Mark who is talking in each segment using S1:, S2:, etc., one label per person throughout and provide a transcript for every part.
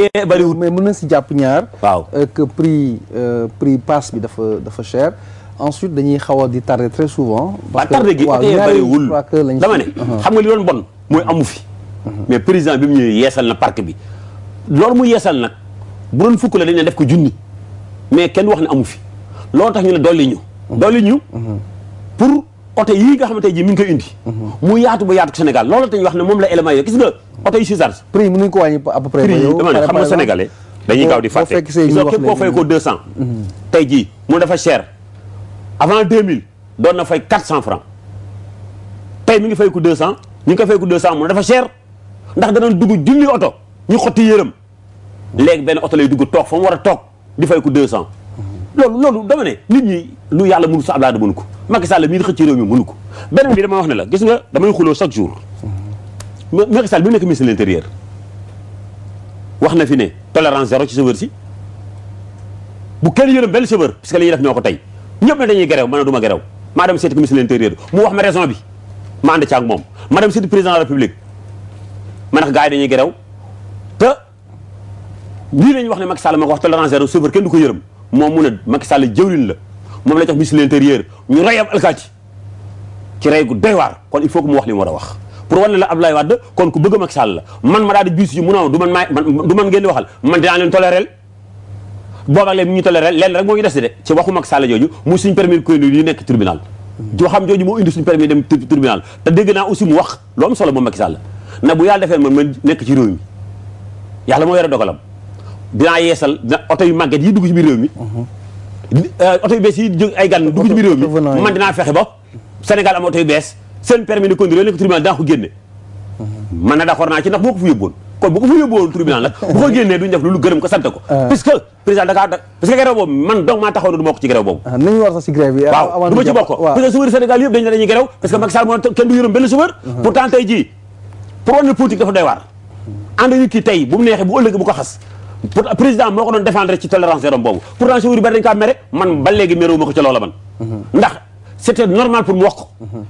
S1: moyen bariwul mais mën na si jàpp ñaar. waaw euh, que prix euh, prix pass bi dafa dafa cher. ensuite dañuy xaw a di tardé très souvent. parce que waaw ñaari que lañ dama ne uh-huh. xam
S2: nga li doon bon mooy amu fi. Uh-huh. mais président bi mu ñëwee yeesal na parc bi. loolu mu yeesal nag bu doon fukk la dañ def ko junni mais kenn wax ne amu fi loolu tax ñu ne dolli ñu. Uh-huh. dolli ñu. pour oto yii nga xamante ji mi ngi koy indi. mu yaatu ba yaatu Sénégal loolu tax wax ne moom la élément yooyu gis nga. oto yi si charge prix yi mën nañu ko wàññi à peu près prix yi dama ne xam nga
S1: dañuy gaaw di fàtte soo képp koo fay ko deux cent mhm.
S2: tey jii mu dafa cher avant deux 2000 doon na fay quatre cent francs tey mi ngi fay ko deux cent ñu ngi ko fay ko deux cent dafa cher ndax dana dugg junni oto ñu xotti yërëm léegi benn oto lay dugg toog fa mu war a toog di fay ko deux cent loolu loolu dama nit ñi lu yàlla mënu laa ablaada mënu ko Macky Sall mii di xëcc réew mi mënu ko beneen bi dama wax ne la gis nga damay xuloo chaque jour Macky Sall bi mu nekk ministre de l'intérieur wax na fi ne tolérance zéro ci chauffeur si bu kenn yërëm benn chauffeur parce que li ñuy def ñoo ko tey ñëpp ne dañuy gerew ma ne du ma gerew maa dem seeti ministre de l'intérieur mu wax ma raison bi ma ànd ci ak moom ma dem seeti président de la république ma nax gars yi dañuy gerew te lii lañu wax ne Macky Sall moo ko wax tolérance zéro chauffeur kenn du ko yërëm moom mun ne Macky Sall jëwlin la moom la jox ministre de l'intérieur ñu rey am alkaati ci rey gu doy waar kon il faut que mu wax li war a wax pour wane la Abdoulaye Wade kon ku bëgg Macky Sall la man ma daal di biis yu mu noonu du man maay man du man ngeen di waxal man leen tolérel ñu tolérel lenn rek moo ñu des de ci waxu Macky Sall jooju mu suñ permis conduire yu nekk tribunal waxam jooju moo indi suñu permis dem tribunal te dégg naa aussi mu wax loo am solo moom Macky Sall na bu yàlla defee man man nekk ci réew mi la moo yore dogalam dinaa yeesal na oto yu màgget yi dugg ci bi réew mi euh, oto yu bees yi jóg ay gan fexe ba Sénégal am oto yu bees seen permis de conduire ne ko tribunal daa ko génne man na d'accord naa ci ndax boo ko fa yóbboon kon bu ko fa yóbbuwoon tribunal nag bu ko génnee duñ def loolu gërëm ko sant ko ah. puisque président Dakar parce que grève boobu man donc maa taxaw du ma bokk ci grève boobu
S1: ah, nañu war sax ne
S2: dañuy grève parce que ah. tey jii pour wane ne politique dafa doy waar ànd nit ki tey bu mu neexee bu ëllëgee bu ko xas président moo ko doon défendre ci tolérance zéro boobu pourtant c'était normal pour mu wax ko.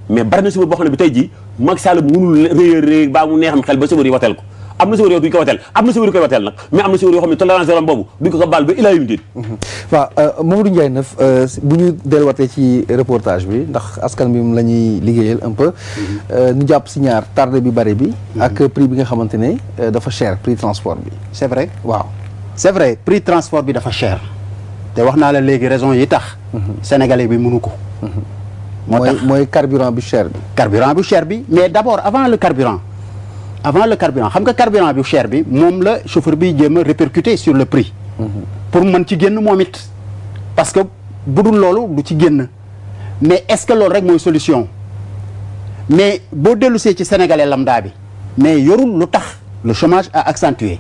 S2: mais bari na suba boo xam ne bi tey jii Macky Sall mënul réer réer baa mu neexam xel ba suba yi wateel ko am na suba yoo duñ ko wateel am na suba yu koy wateel nag mais am na suba yoo xam ne tolérance zéro boobu duñ ko ko baal ba ilaa yu diin.
S1: waaw euh, Mamadou Ndiaye Neuf euh, bu ñu delluwaatee ci reportage bi ndax askan bi moom la ñuy liggéeyal un peu. Euh, ñu jàpp si ñaar tardé bi bari bi. ak prix bi nga xamante ne dafa cher prix transport bi. c'est vrai waaw c'est vrai prix transport bi dafa cher. te
S3: wax naa la léegi raison
S1: yi tax. Mhm.
S3: sénégalais bi mënu ko. Mhm. moo mooy carburant bu cher bi. carburant bu cher bi mais d' abord avant le carburant avant le carburant xam nga carburant bu cher bi moom la chauffeur bi jéem a répercuter sur le prix. Mm-hmm. pour mën ci génn moom it. parce que bu dul loolu du ci génn mais est ce que loolu rek mooy solution mais boo dellusee ci sénégalais lambda bi mais yorul lu tax le chômage a accentué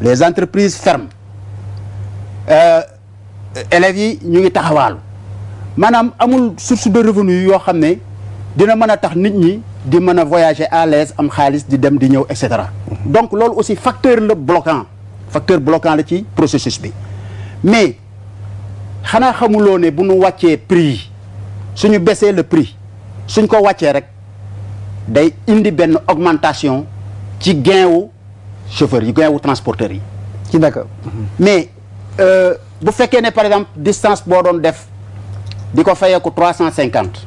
S3: les entreprises ferment euh, élèves yi ñu ngi taxawaalu. maanaam amul source de revenu yoo xam ne dina mën a tax nit ñi di mën a voyager à l'aise am xaalis di dem di ñëw et cetera donc loolu aussi facteur la bloquant facteur bloquant la ci processus bi mais xanaa xamuloo ne bu nu wàccee prix yi suñu baissee le prix suñ ko wàccee rek day indi benn augmentation ci gain wu chauffeurs yi gain wu transporteurs yi. ci d'accord mais euh, bu fekkee ne par exemple distance boo doon def. di ko ko trois cent cinquante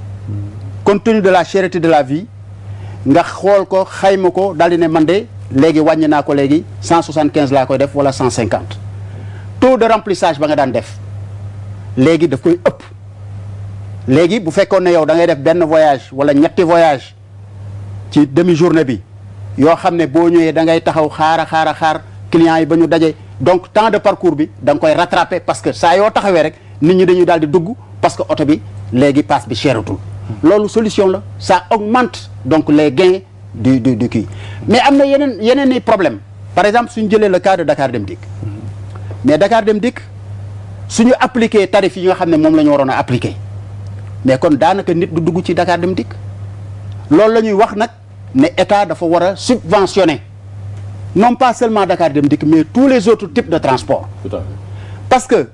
S3: compte tenu de la cherté de la vie nga xool ko xayma ko daal di ne man de léegi wàññi naa ko léegi cent soixante quinze laa koy def wala cent cinquante taux de remplissage ba nga daan def léegi daf koy ëpp léegi bu fekkoon ne yow da ngay def benn voyage wala ñetti voyage ci demi journée bi yoo xam ne boo ñëwee da ngay taxaw xaara xaara xaar clients yi ba ñu dajee donc temps de parcours bi da nga koy rattraper parce que saa yoo taxawee rek nit ñi dañuy daal di dugg parce que oto bi léegi paas bi cheratul loolu solution la ça augmente donc les gains du du kii mais am na yeneen yeneen i problème par exemple suñu jëlee le cas de Dakar Dem Dikk mais Dakar Dem Dikk suñu appliquer tarif yi xam ne moom la ñu waroon a appliquer kon daanaka nit du dugg ci Dakar Dem loolu la ñuy wax nag ne état dafa war a subventionner non pas seulement Dakar Dem Dikk mais tous les autres types de transport. tout parce que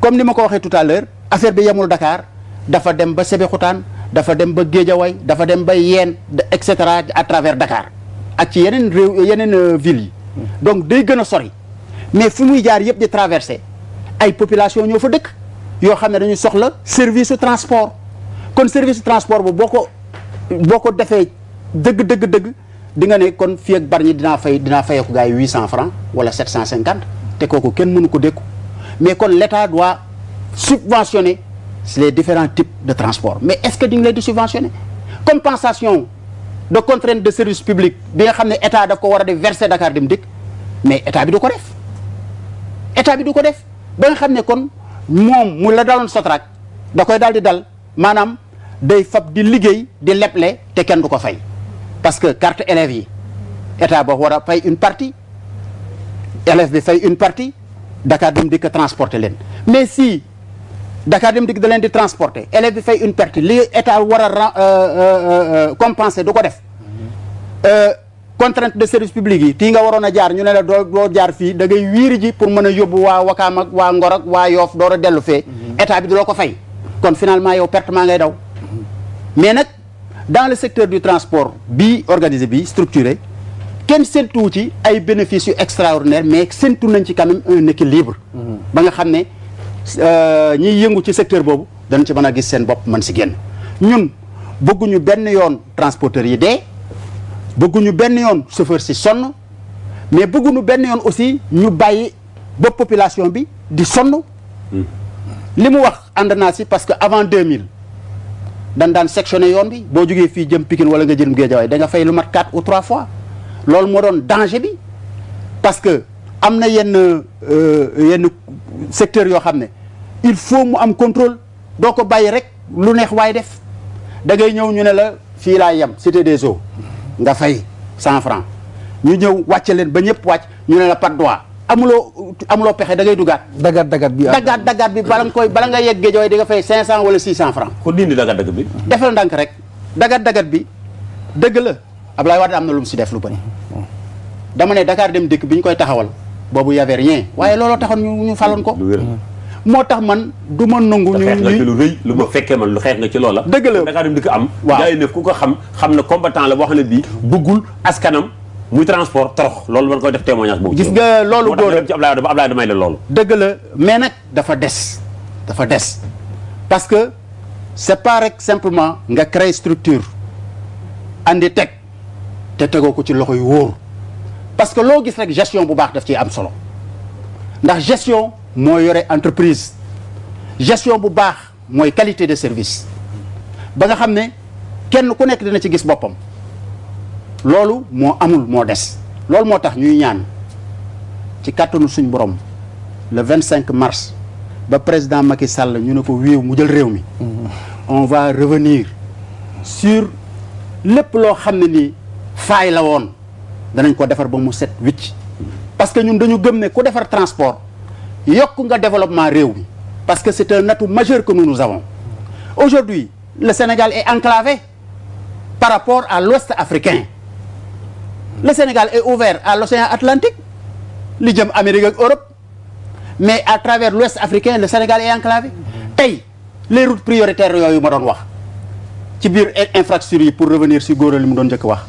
S3: comme ni ma ko waxee tout à l'heure affaire bi yemul dakaar dafa dem ba Sébikotane dafa dem ba Guédiawaye dafa dem ba Yène et cetera à travers Dakar ak ci yeneen réew yeneen euh, villes yi donc day gën a sori mais fu muy jaar yëpp di traversé ay population ñoo fa dëkk yoo xam ne dañu soxla service su transport kon service transport bu boo ko boo ko defee dëgg dëgg dëgg di nga ne kon fii ak Bargny dinaa fay dinaa fayeeku gaay yi huit cent francs wala sept cent cinquante te kooku kenn mënu ko dékku mais kon l'État doit subventionner les différents types de transport mais est-ce que di nga leen di subventionner compensation de contrainte de service public bi nga xam ne état daf ko war a def verser Dakar Dem Dikk mais état bi du ko def état bi du ko def ba nga xam ne kon moom mu la daloon Sotrac da koy daal di dal maanaam day fab di liggéey di leble te kenn du ko fay parce que carte élèves yi état ba war a fay une partie élève bi fay une partie Dakar Dem Dikk transporter leen mais si Dakar Dem da leen di transporter élèves bi fay une perte li état war a euh, euh, euh, compenser du ko def contrainte de service public yi tii nga waroon a jaar ñu ne la doo doo jaar fii da ngay ji pour mën a yóbbu waa Wakaam ak waa Ngor ak waa Yoof door a dellu fee mhm. état bi du la ko fay kon finalement yow perte maa ngay daw mhm. mais nag dans le secteur du transport bii organisé bi structuré kenn séntuwu ci ay bénéfices yu extraordinaire mais séntu nañ ci quand même un mhm. ba nga xam ne Euh, ñiy yëngu ci secteur boobu dañ ci mën a gis seen bopp man si génn ñun bëgguñu benn yoon transporteurs yi dee bëgguñu benn yoon chauffeur si sonn mais ñu benn yoon aussi ñu bàyyi ba population bi di sonn hmm. li mu wax ànd naa si parce que avant 2000 dañ daan sectionné yoon bi boo jógee fii jëm Pikine wala nga jëm Guédiawaye da nga fay lu mat 4 ou 3 fois loolu moo doon danger bi parce que am na yenn euh, yenn secteur yoo xam ne il faut mu am contrôle doo ko bàyyi rek lu neex waaye def da ngay ñëw ñu ne la fii laay yem cité des eaux nga fay cent franc ñu ñëw wàcce leen ba ñëpp wàcc ñu ne la par droit amuloo amuloo pexe da ngay dugaat. dagat dagat bi dagat dagat bi bala nga koy bala nga yegg géej di nga fay cinq cent wala six cent franc. ko dindi dagat dagat bi. defal ndànk rek dagat dagat bi dëgg la Ablaye Wade am na lu mu si def lu bëri dama ne Dakar dem dikk bi ñu koy taxawal.
S2: boobu y avait rien
S3: waaye mm. looloo taxoon ñu ñu faloon ko. Mm. moo tax man du ma nangu. ñu ngi
S2: lu rëy lu ma fekkee man lu xeex nga ci loola. dëgg la Dakar di ko am. waaw ko xam xam na combattant la boo xam bii bëggul askanam muy transport torox loolu man koy def témoignage boobu. gis nga loolu góor ci Ablaye ba Ablaye damay la loolu.
S3: mais nag dafa des dafa des parce que c'est pas rek simplement nga créer structure andi teg te tegoo ko ci loxo yu wóor. parce que loo gis rek gestion bu baax daf ciy am solo ndax gestion moo yore entreprise gestion bu baax mooy qualité de service ba nga xam ne kenn ku nekk dina ci gis boppam loolu moo amul moo des loolu moo tax ñuy ñaan ci kàttanu suñ borom le 25 mars ba président Macky Sall ñu ne ko wéew mu jël réew mi mm-hmm. on va revenir sur lépp loo xam ne ni faay la woon danañ ko defar ba mu set wicc parce que ñun dañu gëm ne ku defar transport yokk nga développement réew mi parce que c'est un natu majeur que nous nous avons aujourd'hui le Sénégal est enclavé par rapport à l'ouest africain le Sénégal est ouvert à l'océan Atlantique lu jëm Amérique ak Europe mais à travers l'ouest africain le Sénégal e enclavé tey les routes prioritaires yooyu ma doon wax ci biir infrastructure yi pour revenir si góor li mu doon njëkk wax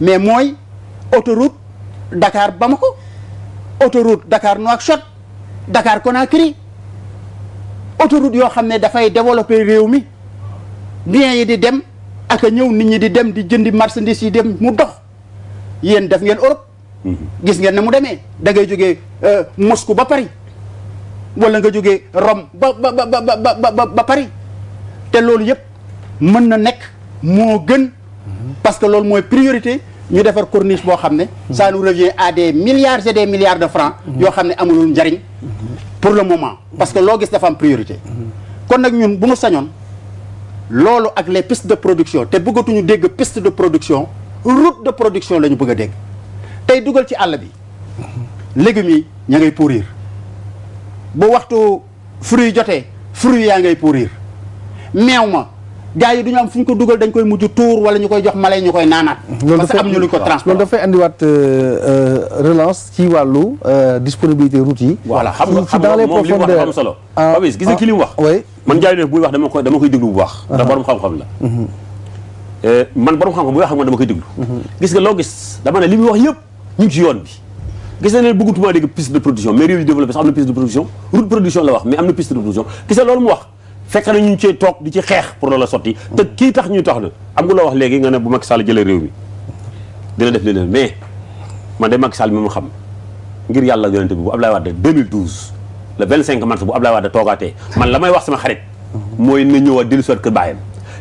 S3: mais mooy autoroute Dakar Bamako autoroute Dakar Nouakchott Dakar Conakry autoroute yoo xam ne dafay développer réew mi biens yi di dem ak a ñëw nit ñi di dem di jëndi marchandise yi dem mu dox yéen def ngeen Europe. Mhm. gis ngeen na mu demee dangay ngay jógee euh, Moscou ba Paris wala nga jóge Rome ba ba ba ba ba Paris te loolu yëpp mën na nekk moo gën mhm. parce que loolu mooy priorité. ñu defar corniche boo xam ne ça nous revient à des milliards et des milliards de francs yoo xam ne amulul njariñ pour le moment parce que loo gis dafa am priorité kon nag ñun bu mu sañoon loolu ak les pistes de production te bëggatuñu dégg piste de production route de production la bëgg a dégg tey dugal ci àll bi légumes yi ña ngay pourrir bu waxtu fruits yi jotee fruits yaa ngay pourrir meew ma gars yi du ñu am fu ñu ko dugal dañ koy mujj tuur wala ñu koy jox mala ñu koy
S2: naanaat. parce que am ñu lu ko transport
S1: loolu dafay andiwaat euh, euh, relance ci wàllu euh, disponibilité route xam nga xam nga moom li mu wax
S2: ah, ah, wax. oui man jaay ne buy wax dama koy baax. Ah, xam-xam la. Mhm. man borom xam-xam buy mhm. wax ak man dama production la wax mais am na piste de production gis loolu mu wax fekk na ñu cee toog di ci xeex pour loola sotti te kii tax ñuy tax na am nga loo wax léegi nga ne bu Macky Sall jëlee réew mi dina def leen mais man de Macky Sall mi mu xam ngir yàlla yonente bi bu Abdoulaye Wade 2012 le 25 mars bu Abdoulaye Wade toogaatee man la may wax sama xarit mooy na ñëwaat dellu soit kër bàyyam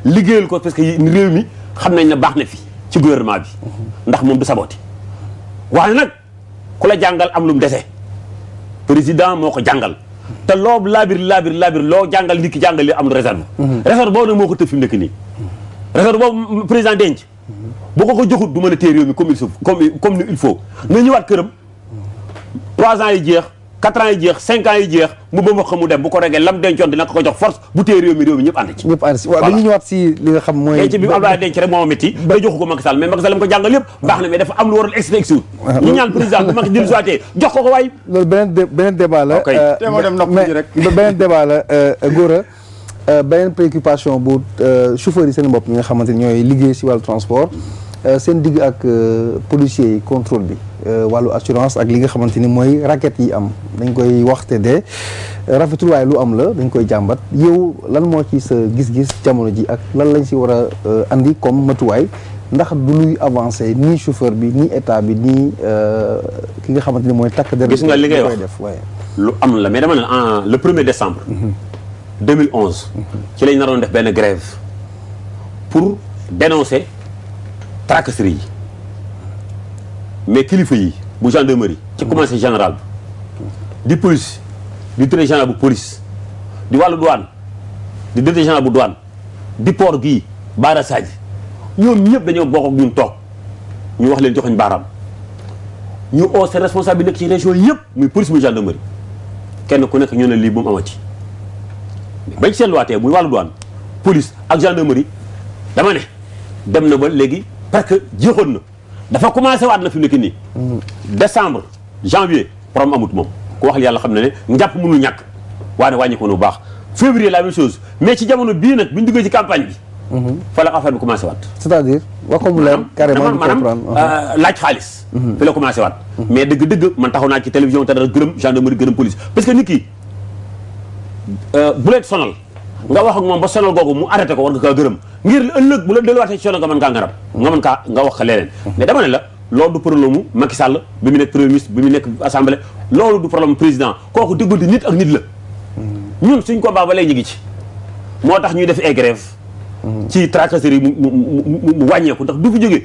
S2: liggéeyal ko parce que réew mi xam nañ ne baax na fi ci gouvernement bi ndax moom du sabooti waaye nag ku la jàngal am lu mu dese président moo ko jàngal te loo laabir laabir laabir loo jàngal nit ki jàngal li amul réserve mhm. réserve boobu nag moo ko tëb fi mu nekk nii réserve boobu président denc boo ko ko joxut du mën a téye réew mi comme il faut comme comme ni il faut nga ñëwaat këram trois ans yi jeex quatre ans yi jeex cinq ans yi jeex mu ba ma xam mu dem bu ko regee lam dencoon dina ko jox force bu téye
S1: réew mi réew mi ñëpp ànd ci ñëpp si nga xam mooy denc
S2: bi ma métti day joxu ko Macky Sall mais Macky Sall mu ko jàngal yëpp baax na mais dafa am lu waral expliqué si wut ñu ñaan président bu Macky dilsuité
S1: jox ko ko waay loolu beneen beneen débat la euh, beneen débat la euh, Gora euh, beneen préoccupation bu chauffeur yi seen bopp ñi nga xamante ni ñooy liggéey si wàllu transport Euh, seen digg ak euh, policiers yi contrôle bi euh, wàllu assurance ak li nga xamante ni mooy raquette yi am dañ koy waxte de rafetul lu am la dañ koy jàmbat yow lan moo ci sa gis-gis jamono ji ak lan lañ si war a andi comme matuwaay ndax du luy avancé ni chauffeur bi ni état bi ni ki nga xamante ni mooy takk der gis nga li ngay wax
S2: def lu am la mais dama ne en le premier décembre 2011 mhm. ci lañ naroon def benn grève pour dénoncer tracasserie yi mais kilifa yi bu gendarmerie ci commencé général bi di police di directeur général bu police di wàllu douane di directeur général bu douane di port gi Bara Sadji ñoom ñëpp dañoo bokk ak ñun toog ñu wax leen joxoñ baaraam ñu oo seen responsable bi nekk ci région yëpp muy police muy gendarmerie kenn ku nekk ñu ne lii moom amati bañ seetluwaatee muy wàllu douane police ak gendarmerie dama ne dem na ba léegi parce que jeexoon na dafa commencé waat na fi mu nekk nii. décembre janvier problème amut moom ku wax yàlla xam ne ne njàpp mënul ñàkk waaye wàññi ko bu baax février la même chose mais ci jamono bii nag bi ñu duggee ci campagne bi. Mhm. fa la affaire bi commencé waat. c'est-à-dire wax ko mu leer carrément maanaam euh, laaj xaalis. Mhm. fi la commencé waat. Mhm. mais dëgg-dëgg man taxaw naa ci télévision te dara gërëm gendarmerie gërëm police parce que nit ki euh, bu leen sonal. nga wax ak moom ba sonal googu mu arrêté ko war nga kaa gërëm ngir ëllëg bu la delluwaatee ci sonal nga mën kaa ngarab nga mën kaa nga wax ka leneen mais dama ne la loolu du problème mu Macky Sall bi mu nekk premier ministre bi mu nekk assemblée loolu du problème président kooku diggante nit ak nit la ñun suñ combat ba lay ñu ngi ci moo tax ñuy def ay grève ci tracasserie yi mu wàññeeku ndax du fi jógee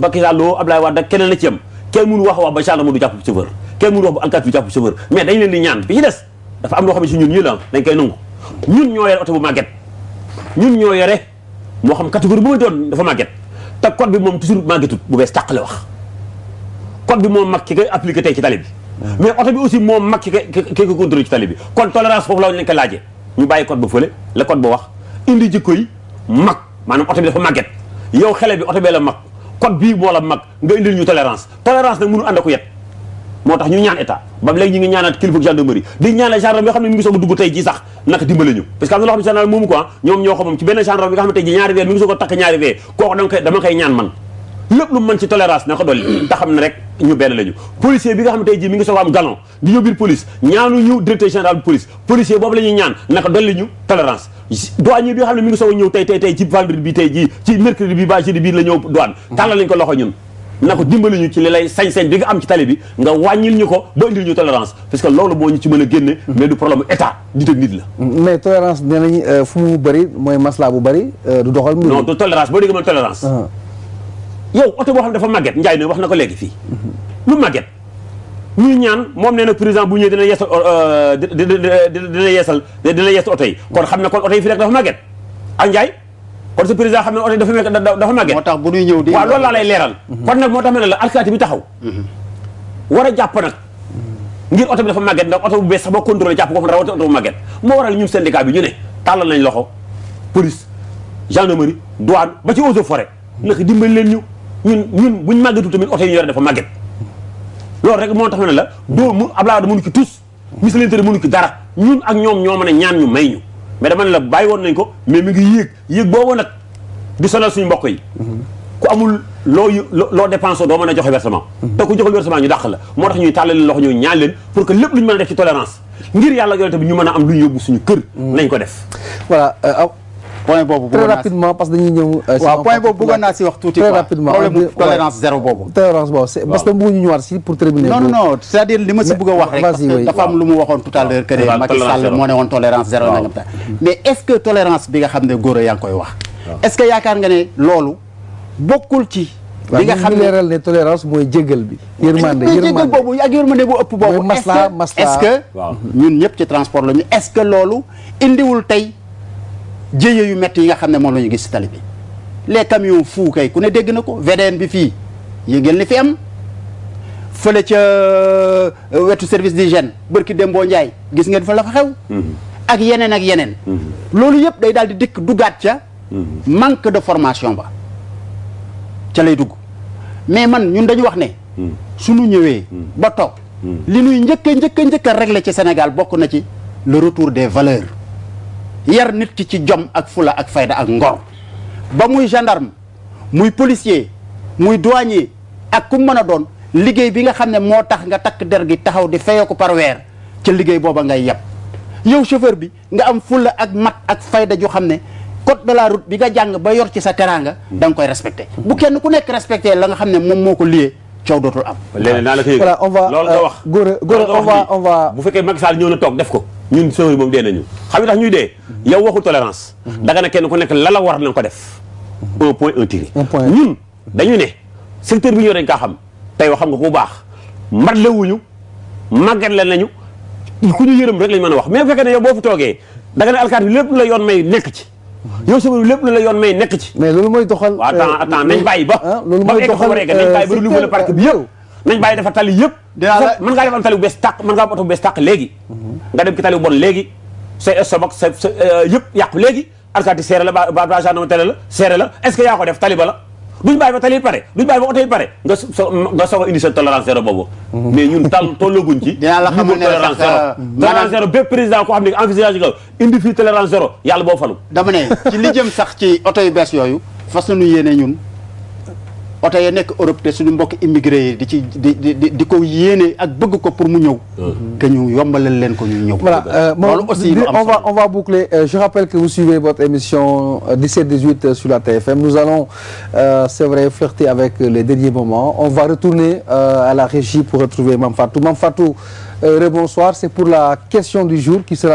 S2: Macky Sall loo Abdoulaye Wade ak keneen la ci am kenn mënu wax wax ba gendarme du jàpp chauffeur kenn mënu wax ba alkaati du jàpp chauffeur mais dañ leen di ñaan bi ci des dafa am loo xam ne la am dañ koy nangu ñun ñoo yore oto bu màgget ñun ñoo yore moo xam catégorie bu ma doon dafa màgget te code bi moom toujours màggetut bu bees tàq la wax code bi moom mag ki koy appliqué tey ci tali bi ah. mais oto bi aussi moom mag ki koy ki koy contrôlé ci tali bi kon tolérance foofu la ñu leen ko laajee ñu bàyyi code ba fële la code ba wax indi jikko yi mag maanaam oto bi dafa màgget yow xele bi oto bee la mag code bii moo la mag nga indil ñu tolérance tolérance nag mënu ànd ak yet moo tax ñu ñaan état ba léegi ñu ngi ñaanaat kilifa gendarmerie di ñaanal gendarme yoo xam ne mi ngi soog a dugg tey ji sax naka dimbale ñu parce que am na loo xam ne gendarme moomu quoi ñoom ñoo ko tey ji ñaari weer mi ngi soog ñu police ñaanu ñu directeur général de police policier boobu la ñaan naka dolli ñu tolérance douanier bi xam ne mi ngi soog a ñëw ci vendredi bi tey ji ci mercredi bi ba jeudi bi la ñëw douane tàllal ko loxo ñun na ko dimbali ñu ci li lay sañ-sañ bi nga am ci tali bi nga wàññil ñu ko ba indil ñu tolérance parce que loolu moo ñu ci mën a génne mais du problème état
S1: nit ak nit la mais tolérance nee nañ euh, fu mu bëri mooy masla bu bari euh, du doxal mbir non
S2: du tolérance boo dégg mën tolérance ah. yow oto boo xam ne dafa màgget njaay ne wax na ko léegi fii lu màgget ñuy ñaan moom nee na président bu ñëwee dina yeesal euh, dina yeesal dina yeesal oto yi kon xam ne kon oto yi fii rek dafa màgget ak njaay kon su président xam ne oto dafa dafa màggee. moo tax bu ñuy ñëw di. waaw loolu laa lay leeral. Mhm. kon nag moo tax ma ne la alkaati bi taxaw. Mhm. war a jàpp nag. ngir oto bi dafa màgget ndax oto bu bees sax boo contrôlé jàpp ko fa rawatina oto bu màgget moo waral ñun syndicat bi ñu ne tàllal nañ loxo police gendarmerie douane ba ci eaux et forêt naka dimbali leen ñu ñun ñun buñ màggetu tamit oto yi ñu yore dafa màgget loolu rek moo tax ne la doo mu Abdoulaye Wade mënu ci tous ministre de l'Intérieur mënu ci dara ñun ak ñoom ñoo mën a ñaan ñu may ñu mais dama ne la bàyyi woon nañ ko mais mi ngi yéeg yéeg boobu nag di sonal suñu mbokk yi ku amul loo loo dépensé doo mën a joxe versement te ku joxul versement ñu dàq la moo tax ñuy tàllal leen loxo ñu ñaan leen pour que lépp lu ñu mën a def ci tolérance ngir yàlla yonent bi ñu mën a am lu ñu yóbbu suñu kër mm. nañ ko def voilà
S1: euh, point boobu bëggoon naa très rapidement parce que dañuy ñëw. Euh, waaw point boobu bëggoon naa si wax tuuti. très rapidement tolérance boobu. parce que bëgguñu ñëwaat si pour terminer. si bëgg a wax rek. parce que tolérance zéro mais est que
S3: tolérance bi nga xam ne góor yaa ngi koy wax. est que yaakaar nga ne loolu
S1: bokkul ci. li nga xam ne leeral ne tolérance mooy jégal bi. yërmande yërmande boobu ak yërmande bu ëpp boobu. maslaa maslaa
S3: ñun ñëpp ci transport la ñu est que loolu indiwul tey jéye yu métti yi nga xam ne moom la ñu gis si tali bi les camions fous kay ku ne dégg na ko VDN bi fii yëngal ni fi am fële ca euh, wetu service d'hygiène bërki Dembo Ndiaye gis ngeen fa la fa xew mhm. ak yeneen ak yeneen mhm. loolu yëpp day daal di dikk duggaat ca mhm. manque de formation ba ca lay dugg mais man ñun dañu wax ne suñu ñëwee ba toog li ñuy njëkk a njëkk a njëkk a régler ci bokk na ci le retour des valeurs yar nit ki ci jom ak fula ak fayda ak ngor ba muy gendarme muy policier muy douanier ak ku mën a doon liggéey bi nga xam ne moo tax nga takk der gi taxaw di fayoo ko par weer ca liggéey booba ngay yeb yow chauffeur bi nga am fulla ak mat ak fayda ju xam ne code de la bi nga jàng ba yor ci sa teraanga da nga koy respecté bu kenn ku nekk respecté la nga xam ne moom moo ko liyee coow dootul am léegi naa la ko yëg voilà on va
S2: góor euh, góor on va bu fekkee Macky Sall ñëw toog def ko ñun sofër yi moom dee nañu xam nga tax ñuy dee yow waxu tolérance da nga ne kenn ku nekk la la war nañ ko def un point un tiré
S1: ñun
S2: dañu ne secteur bi ñoo dañ kaa xam tey wax xam nga ko bu baax mat la wuñu la nañu ku ñu yërëm rek lañ mën a wax mais bu fekkee ne boo fu toogee da nga ne alkaati lu la yoon may nekk ci yow sofër lu la yoon may nekk ci mais loolu mooy doxal waaw attends euh, attends nañ bàyyi ba ba egg fa war nañ bàyyi ba euh, renouveler parc bi yëpp nañ bàyyi dafa tali yëpp mën ngaa def am tali bu bees tàq mën ngaa oto bu bees tàq léegi nga dem ki tali bon léegi sa stomac sa sa euh, yëpp yàqu léegi alkaati seere la ba gendarme tele la seere la est-ce que yaa ko def tali ba la duñ bàyyi ba tali pare pare nga so a indi seen tolérance zéro boobu mhm. mais ñun tal tollaguñ ci dinaa la xamal ne tolérance zéro euh, tolérance zéro bépp président koo xam ne envisage nga indi yàlla boo falu
S3: dama ne ci li jëm sax ci oto yu bees yooyu fas nañu ñun oto ya nekk Europe suñu mbokk immigré yi di ci di di di ko pour mu ñëw. Mmh. que ñu yombalal leen ko ñu ñëw.
S1: voilà euh, loolu aussi on va euh, que vous suivez votre émission 17-18 euh, sur la TFM nous allons c'est vrai flirter avec les derniers pour la question du jour qui